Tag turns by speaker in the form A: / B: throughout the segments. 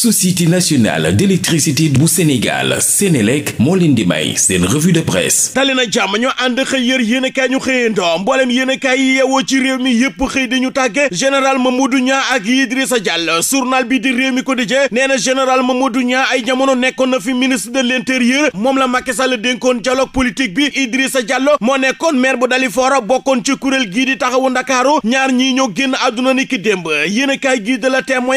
A: société nationale d'électricité bu Sénégal Sénélec moo leen di may seen revue de presse tali na jàmm ñu ànd xëy yër yéenekaay ñu xëyandoo mbooleem yéenekaay yi yeewoo ci réew mi yëpp xëy di ñu tàgge général Mamadou Niang ak Idrissa Diallo journal bi di réew mi quotidien nee na général Mamadou nekkoon na fi ministre de l'intérieur moom la Macky Sall dénkoon dialogue politique bi Idrissa Diallo moo nekkoon maire bu Dalifort bokkoon ci kuréel gii taxawu Ndakaaru ñaar ñii ñoo génn àdduna ni ki démb yéenekaay gii de la témoin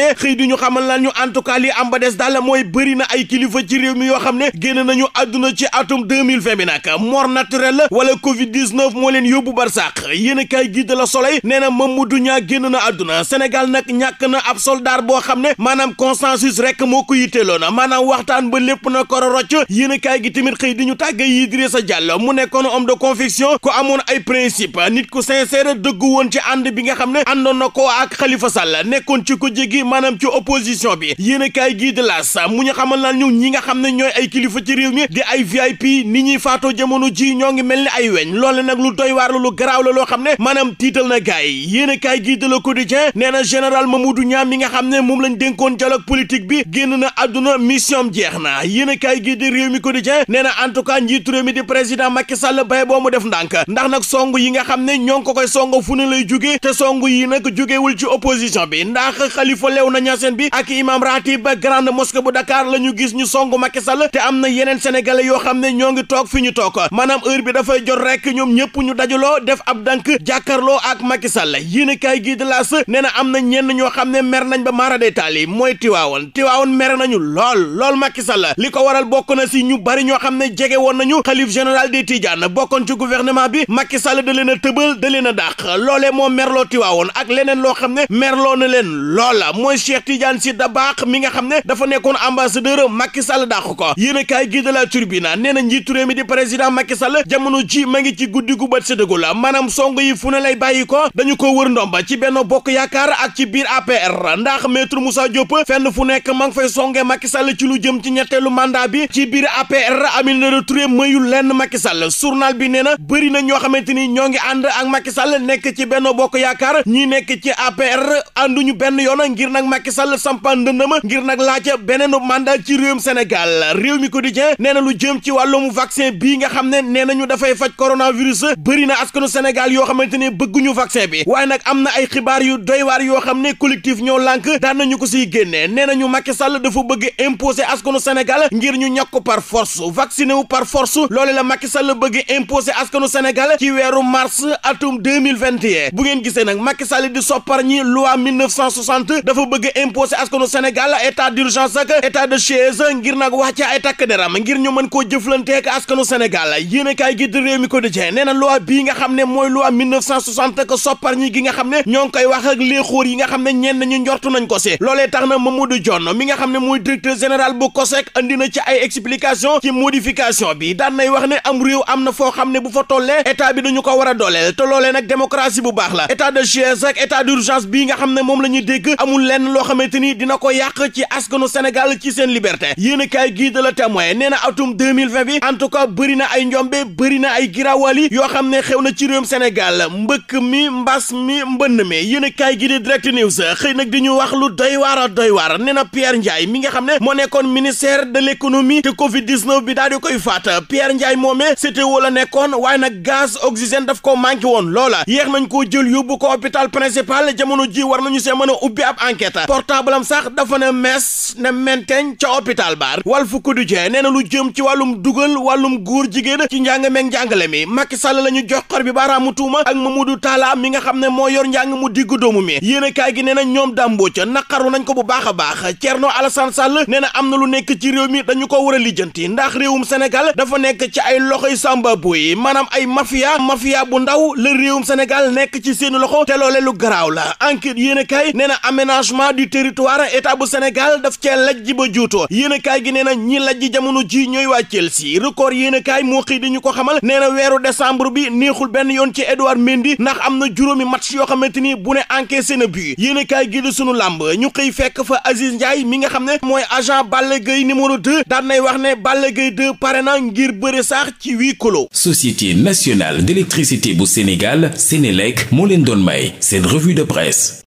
A: cas li am ba des daal mooy bëri na ay kilifa ci réew mi yoo xam ne génn nañu àdduna ci atum 2020 bi nag mort naturelle wala covid 19 moo leen yóbbu barsàq yéen a kaay gi de la Soleil nee na Mamadou Niang génn na àdduna Sénégal nag ñàkk na ab soldat boo xam ne maanaam consensus rek moo ko yitteeloon maanaam waxtaan ba lépp na ko rocc yéen a kaay gi tamit xëy di ñu tàgge yi Idrissa Diallo mu nekkoon homme de conviction ko amoon ay principe nit ku sincère dëggu woon ci ànd bi nga xam ne àndoon na ko ak Khalifa Sall nekkoon ci ko jégi maanaam ci opposition bi yéenekaay gii di L'As mu ñu xamal naan ñu ñi nga xam ne ñooy ay kilifa ci réew mi di ay VIP ni ñuy faatoo jamono ji ñoo ngi mel ni ay weñ loole nag lu doy waar la lu garaaw la loo xam ne maanaam tiital na gaay yi yéenekaay gii di Le Quotidien nee na général Mamadou Niang mi nga xam ne moom lañ dénkoon dialogue politique bi génn na àdduna mission jeex na yéenekaay gii di Réew mi Quotidien nee na en tout cas njiitu mi di président Macky Sall bay boo mu def ndànk ndax nag song yi nga xam ne ñoo ngi ko koy song fu ne lay jóge te song yi nag jógewul ci opposition bi ndax fii ba grande mosquée bu Dakar la ñu gis ñu song Macky te am na yeneen sénégalais yoo xam ne ñoo ngi toog fi ñu toog maanaam heure bi dafay jot rek ñoom ñëpp ñu dajaloo def ab dank jàkkaarloo ak Macky Sall yéen kaay gii di laas nee na am na ñenn ñoo xam ne mer nañ ba maara détail yi mooy Tiwaawoon Tiwaawoon mer nañu lool lool Macky Sall li ko waral bokk na si ñu bari ñoo xam ne jege woon nañu xalif général des Tidianes bokkoon ci gouvernement bi Macky Sall da leen a tëbal da leen a dàq loolee moo merloo Tiwaawoon ak leneen loo xam ne merloo na leen loola mooy nga xam ne dafa nekkoon ambassadeur Macky Sall dàq ko yéen a kaay gii de la Tribune nee na njiitu réew di président Macky Sall jamono ji ma ngi ci guddi gu bët séddagul la maanaam song yi fu ne lay bàyyi ko dañu ko wër ndomba ci benn bokk yaakaar ak ci biir APR ndax maître Moussa Diop fenn fu nekk ma ngi fay songee Macky Sall ci lu jëm ci ñetteelu mandat bi ci biir APR Aminata Touré mayul lenn Macky Sall journal bi nee na bëri na ñoo xamante ni ñoo ngi ànd ak Macky Sall nekk ci benn bokk yaakaar ñi nekk ci APR ànduñu benn yoon ngir nag Macky Sall sampan ndëndama ngir nag laaj beneen mandat ci réewum Sénégal réew mi quotidien nee na lu jëm ci wàllum vaccin bii nga xam ne nee nañu dafay faj coronavirus bëri na askanu Sénégal yoo xamante ne bëgguñu vaccin bi waaye nag am na ay xibaar yu doy waar yoo xam ne collectif ñoo lànk daan nañu ko si génnee nee nañu Macky Sall dafa bëgg imposer askanu Sénégal ngir ñu ñàkk par force vacciné wu par force loole la Macky Sall bëgg imposer askanu Sénégal ci weeru mars atum 2021 bu ngeen gisee nag Macky Sall di soppar ñi loi 1960 dafa bëgg imposer askanu Sénégal état d'urgence ak état de siège ngir nag wàcce ay takk deram ngir ñu mën koo jëflanteek askanu Sénégal yéene kaay gi di réew mi ko di cee nee bii nga xam ne mooy loi 1960 ak soppar ñi gi nga xam ne ñoo ngi yi nga xam ne ñenn ñu njortu nañ ko si loolee tax na Mamadou Dione mi nga xam ne mooy directeur général bu COSEC andi na ci ay explication ci modification bi daan nay wax ne am réew am na foo xam ne bu fa tollee état bi dañu ko war doole dooleel te loolee nag démocratie bu baax la état de siège ak état nga xam ne moom la ñuy dégg amul lenn loo xamante ni dina ko yàq ci askanu Sénégal ci seen liberte yéen a kaay gii de la témoin nee na atum 2020 bi en tout cas bëri na ay njombe bëri na ay giraawali yoo xam ne xew na ci réewum senegal mbëkk mi mbas mi mbënn mi yéen a kaay gii di direct news xëy nag di ñu wax lu doy waar doy waar nee na Pierre Ndiaye mi nga xam ne moo nekkoon ministère de l' économie te Covid 19 bi daal di koy faat Pierre Ndiaye moomee CTO la nekkoon waaye nag gaz oxygène daf ko manqué woon loola yéex nañ koo jël yóbbu ko hôpital principal jamono ji war nañu see mën a ubbi ab enquête portable am sax mes ne menteñ ca hôpital baar du Quotidien nee na lu jëm ci wàllum dugal wàllum góor jigéen ci njàng meeg njàngale mi Macky Sall la ñu jox xor bi baaraamu tuuma ak ma du Talla mi nga xam ne moo yor njàng mu diggu doomu mi yéen a kaay gi nee na ñoom dàmboo ca naqaru nañ ko bu baax a baax Thierno Alassane Sall nee na am na lu nekk ci réew mi dañu ko war a lijjanti ndax réewum Sénégal dafa nekk ci ay loxoy sàmba boy maanaam ay mafia mafia bu ndaw la réewum nekk ci seen loxo te loolee lu garaaw la enquête yéen a kaay nee na aménagement du territoire état bu Sénégal Sénégal daf cee lajj ba juutoo yéenakaay gi nee na ñi lajj jamono ji ñooy waa Chelsea record yéenakaay moo xëy di ñu ko xamal nee na weeru décembre bi neexul benn yoon ci Edouard Mendy ndax am na juróomi match yoo xamante ni bu ne encaissé na but yéenekaay gi di sunu làmb ñu xëy fekk fa Aziz Ndiaye mi nga xam ne mooy agent Balla Gaye numéro 2 daan nay wax ne Balla Gaye 2 pare na ngir bëre sax ci huis clos. Société nationale d'électricité bu Sénégal Sénélec moo leen doon may seen revue de presse.